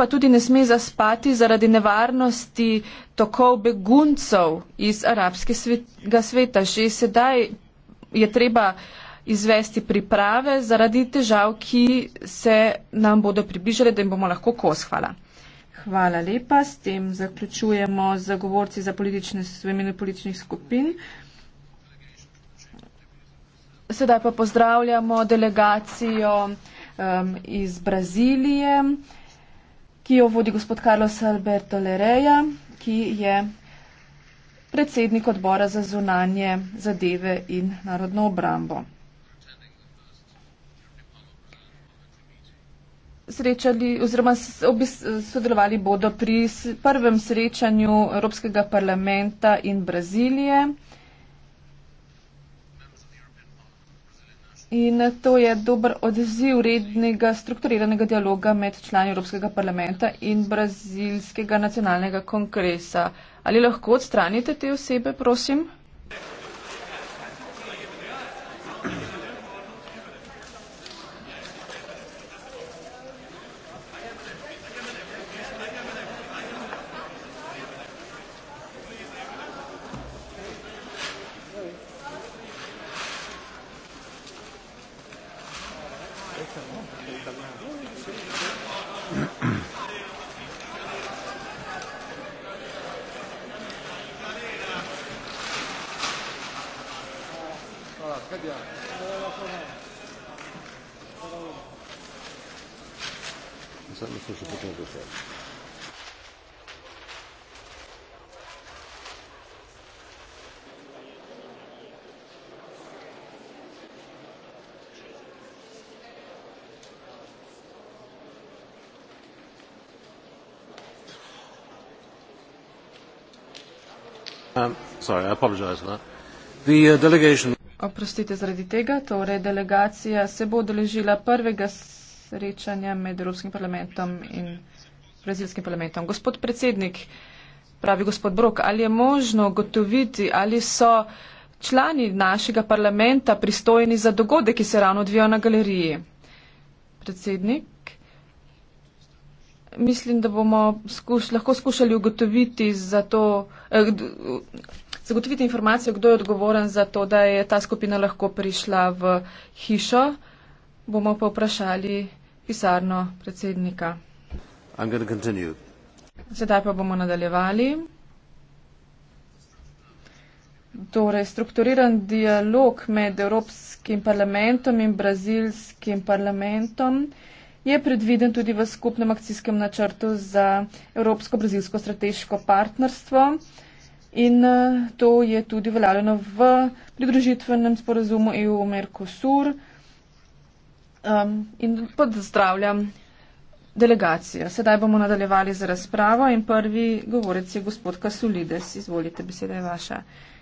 pa tudi ne sme zaspati zaradi nevarnosti tokov beguncev iz arabskega sveta. Že sedaj je treba izvesti priprave zaradi težav, ki se nam bodo približale, da jim bomo lahko kos. Hvala. Hvala lepa. S tem zaključujemo zagovorci za politične svemene političnih skupin. Sedaj pa pozdravljamo delegacijo um, iz Brazilije ki jo vodi gospod Carlos Alberto Lereja, ki je predsednik odbora za zunanje zadeve in narodno obrambo. Srečali, oziroma sodelovali bodo pri prvem srečanju Evropskega parlamenta in Brazilije. In to je dober odziv rednega strukturiranega dialoga med člani Evropskega parlamenta in Brazilskega nacionalnega kongresa. Ali lahko odstranite te osebe, prosim? Grazie. Um, uh, Oprostite zaradi tega, torej delegacija se bo odeležila prvega srečanja med Evropskim parlamentom in Brazilskim parlamentom. Gospod predsednik, pravi gospod Brok, ali je možno gotoviti, ali so člani našega parlamenta pristojni za dogode, ki se ravno odvijajo na galeriji? Predsednik, mislim, da bomo skuš, lahko skušali ugotoviti za to. Eh, Zagotoviti informacijo, kdo je odgovoren za to, da je ta skupina lahko prišla v hišo, bomo pa vprašali pisarno predsednika. Sedaj pa bomo nadaljevali. Torej, strukturiran dialog med Evropskim parlamentom in Brazilskim parlamentom. Uh, je predviden tudi v skupnem akcijskem načrtu za Evropsko-Brazilsko strateško partnerstvo in eh, to je tudi veljavljeno v pridružitvenem sporazumu EU-Mercosur um, in pozdravljam delegacijo. Sedaj bomo nadaljevali z razpravo in prvi govorec je gospod Kasulides. Izvolite, beseda je vaša.